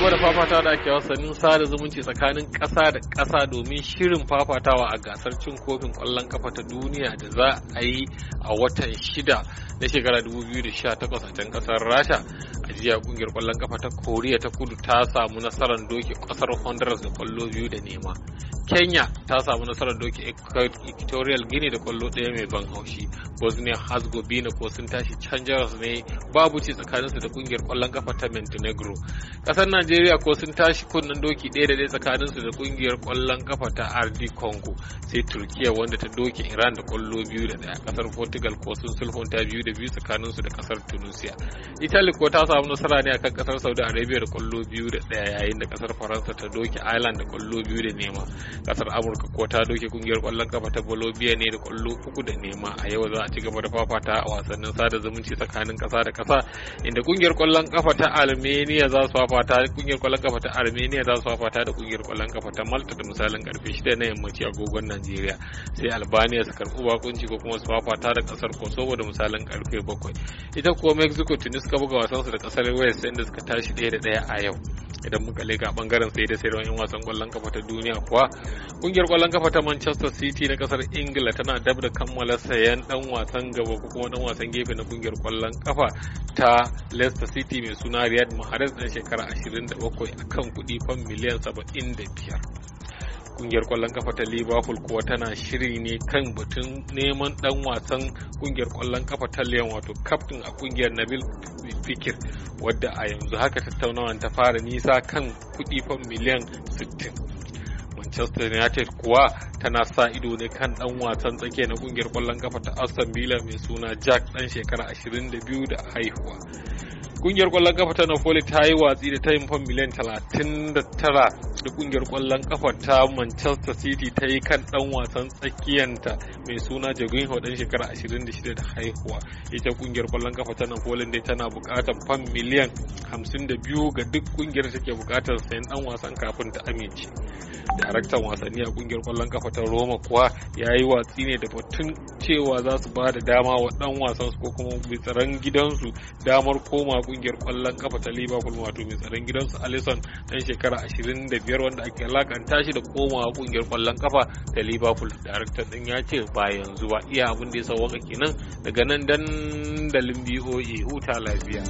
gaba da fafata da ake wasannin sada zumunci tsakanin ƙasa da ƙasa domin shirin fafatawa a gasar cin kofin kwallon kafa ta duniya da za a yi a watan shida na shekara 2018 a can ƙasar rasha a jiya ƙungiyar kwallon kafa ta koriya ta kudu ta samu nasarar doke ƙasar honduras da kwallo biyu da nema kenya ta samu nasarar doki equatorial guinea da kwallo ɗaya mai ban haushi bosnia herzegovina ko sun tashi can ne babu ci tsakaninsu da kungiyar kwallon kafa ta montenegro ƙasar najeriya ko sun tashi kunnen doki ɗaya da ɗaya tsakaninsu da kungiyar kwallon kafa ta rd congo sai turkiya wanda ta doki iran da kwallo biyu da ɗaya ƙasar portugal ko sun sulhunta biyu da biyu tsakaninsu da ƙasar tunisia italy ko ta samu nasara ne akan kasar saudi arabia da kwallo biyu da ɗaya yayin da ƙasar faransa ta doki ireland da kwallo biyu da nema kasar amurka ko ta doke kungiyar kwallon kafa ta bolivia ne da kwallo uku da nema a yau za a ci gaba da fafata a wasannin sada zumunci tsakanin kasa da kasa inda kungiyar kwallon kafa ta armenia za su fafata kungiyar kwallon kafa ta armenia za su fafata da kungiyar kwallon kafa ta malta da misalin karfe 6 na yammaci agogon najeriya sai albania su karbi bakunci ko kuma su fafata da kasar kosovo da misalin karfe 7 ita kuwa mexico tunis ka buga wasansu da kasar west inda suka tashi ɗaya da ɗaya a yau idan muka leka bangaren sai da sayarwa yan wasan kwallon kafa ta duniya kuwa kungiyar kwallon kafa ta Manchester City na kasar Ingila tana dab da kammala sayan dan wasan gaba ko kuma dan wasan gefe na kungiyar kwallon kafa ta Leicester City mai suna Riyad Mahrez dan shekara 27 akan kudi fan miliyan 75 kungiyar kwallon kafa ta liverpool kuwa tana shiri ne kan batun neman dan wasan kungiyar kwallon kafa ta lyon wato captain a kungiyar nabil fikir wadda a yanzu haka tattaunawa ta fara nisa kan kudi fan miliyan 60 Manchester United kuwa tana sa ido ne kan dan wasan tsakiya na kungiyar kwallon kafa ta Aston Villa mai suna Jack dan shekara 22 da haihuwa. kungiyar kwallon kafa ta napoli ta yi watsi da ta yi fan miliyan 39 da kungiyar kwallon kafa ta manchester city ta yi kan dan wasan tsakiyanta mai suna jorginho dan shekara 26 da haihuwa ita kungiyar kwallon kafa ta napoli dai tana bukatar fan miliyan 52 ga duk kungiyar da take bukatar sayan dan wasan kafin ta amince daraktan wasanni a kungiyar kwallon kafa ta roma kuwa ya yi watsi ne da batun cewa za su ba da dama wa dan wasan su ko kuma mai tsaron gidansu damar koma kungiyar kwallon kafa ta Liverpool wato mai tsaron gidansu alison dan shekara da biyar wanda ake alakanta shi da koma kungiyar kwallon kafa ta Liverpool director din ya ce ba yanzu ba iya abin da ya waka kenan daga nan dandalin boe huta lafiya.